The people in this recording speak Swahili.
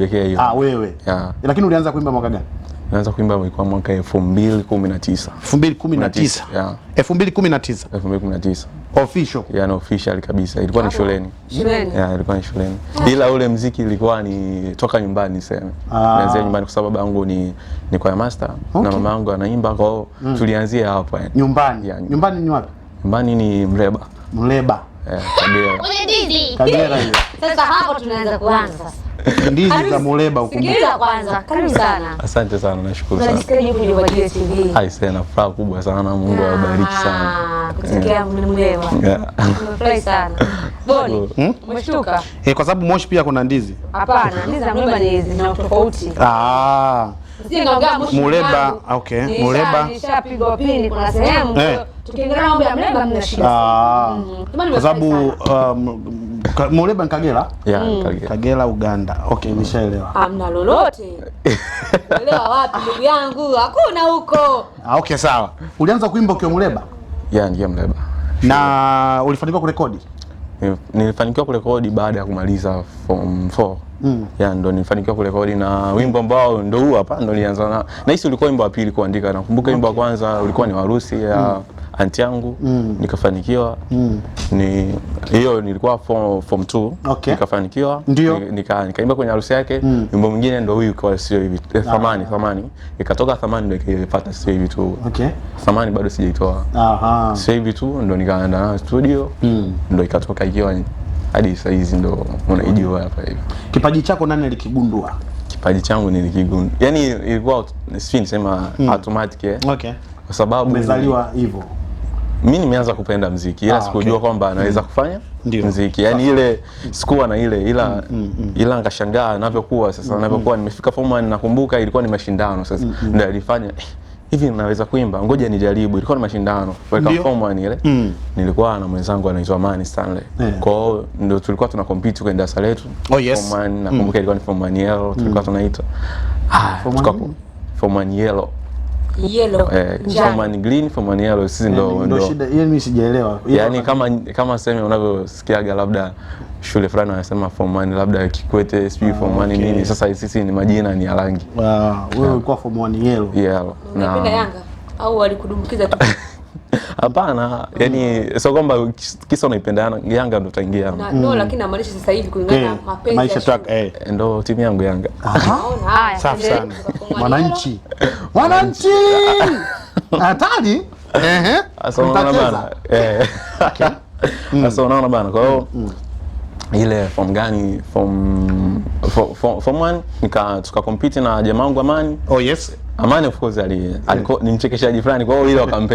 pekee hiyo. Ah, wewe. Yeah. Lakini ulianza kuimba mwaka gani? Naanza kuimba ilikuwa mwaka 2019. 2019. Yeah. 2019. 2019. Official. Yeah, yaani no official kabisa. Ilikuwa ni shuleni. Shuleni. Yeah, ilikuwa ni shuleni. Ila ule mziki ilikuwa ni toka nyumbani sema. Ah. Nianzia nyumbani kwa sababu yangu ni ni kwa master okay. Na mama yangu anaimba kwao mm. Tulianzia hapo yani. Nyumbani. Yeah, nyumbani. ni wapi? Nyumbani ni Mleba. Mleba. yeah, Kagera. Kagera hiyo. Sasa hapo tunaanza kuanza sasa ndizi za Muleba huko. Sikiliza kwanza. Karibu sana. Asante sana, nashukuru sana. Nasikia yupo kwa JTV. Hai sana, furaha kubwa sana, Mungu ah, awabariki sana. Kusikia eh. Muleba. Nimefurahi sana. Boni, hmm? umeshtuka? Eh, kwa sababu Moshi pia kuna ndizi. Hapana, ndizi za Muleba ni zina tofauti. Ah. Muleba, ah, okay. Muleba. Nishapigwa pili kuna sehemu. Eh. Tukiingia mambo ya Muleba mna Ah. Mm. Kwa sababu Muleba ni Kagera? Yeah, mm. Kagera. Kagera Uganda. Okay, nishaelewa. Hamna lolote. Elewa wapi ndugu yangu? Hakuna huko. Ah, okay sawa. Ulianza kuimba ukiwa Muleba? Yeah, ndiye Muleba. Na ulifanikiwa kurekodi? Nilifanikiwa kurekodi baada ya kumaliza form 4. Mm. Ya ndo nifanikiwa kurekodi na wimbo ambao ndo huu hapa ndo nilianza na. Nahisi ulikuwa wimbo wa pili kuandika. Nakumbuka wimbo wa kwanza ulikuwa ni Warusi ya mm anti yangu mm. nikafanikiwa mm. ni hiyo nilikuwa form, form two okay. nikafanikiwa nikaimba nika, nika kwenye harusi yake mm. wimbo mwingine ndio huyu kwa sio hivi eh, ah. thamani thamani ikatoka thamani ndio ikapata sio hivi tu okay. thamani bado sijaitoa aha sio hivi tu ndio nikaenda na studio mm. ndio ikatoka ikiwa hadi sasa hizi ndo unaijua hapa hivi. Kipaji chako nani alikigundua? Kipaji changu nilikigundua, yani ilikuwa sifi nisema mm. automatic eh. Okay. Kwa sababu umezaliwa hivyo mi nimeanza kupenda mziki ila ah, sikujua okay, kwamba anaweza mm. kufanya Ndiyo. mziki yani ile sikuwa na ile ila mm, mm, mm. mm. ila nikashangaa navyokuwa sasa mm, mm. navyokuwa nimefika form one nakumbuka ilikuwa ni mashindano sasa mm, mm. ndio alifanya eh, hivi naweza kuimba, ngoja nijaribu. Ilikuwa ni mashindano kwa form one ile mm. nilikuwa na mwenzangu anaitwa Mani Stanley yeah. kwa hiyo ndio tulikuwa tuna compete kwa darasa letu oh, yes. form one mm. nakumbuka mm. ilikuwa ni form one yellow tulikuwa mm. tunaita ah, form one yellow yellow, eh, green yellow. Sisi ndo ndo shida hiyo, mimi sijaelewa. Yani kama kama sema unavyosikiaga labda shule fulani wanasema form labda Kikwete, sijui form ah, nini. Sasa sisi ni majina ni ya rangi. wewe ulikuwa form yellow. Yellow. Yanga au walikudumbukiza tu Hapana, yani sio kwamba kisa unaipenda Yanga ndo utaingia. Na no, mm. lakini namaanisha sasa hivi kulingana mm. na mapenzi. Maisha track eh, ndo timu yangu Yanga. Aha. safi sana. Mwananchi. Mwananchi. Hatari. Eh eh. Sasa mm. unaona bana. Kwa hiyo ile form gani form form, form, form one nika tukakompiti na jamaa wangu Amani. Oh yes. Amani of course ali, ali ni mchekeshaji fulani kwa hiyo ile wakampa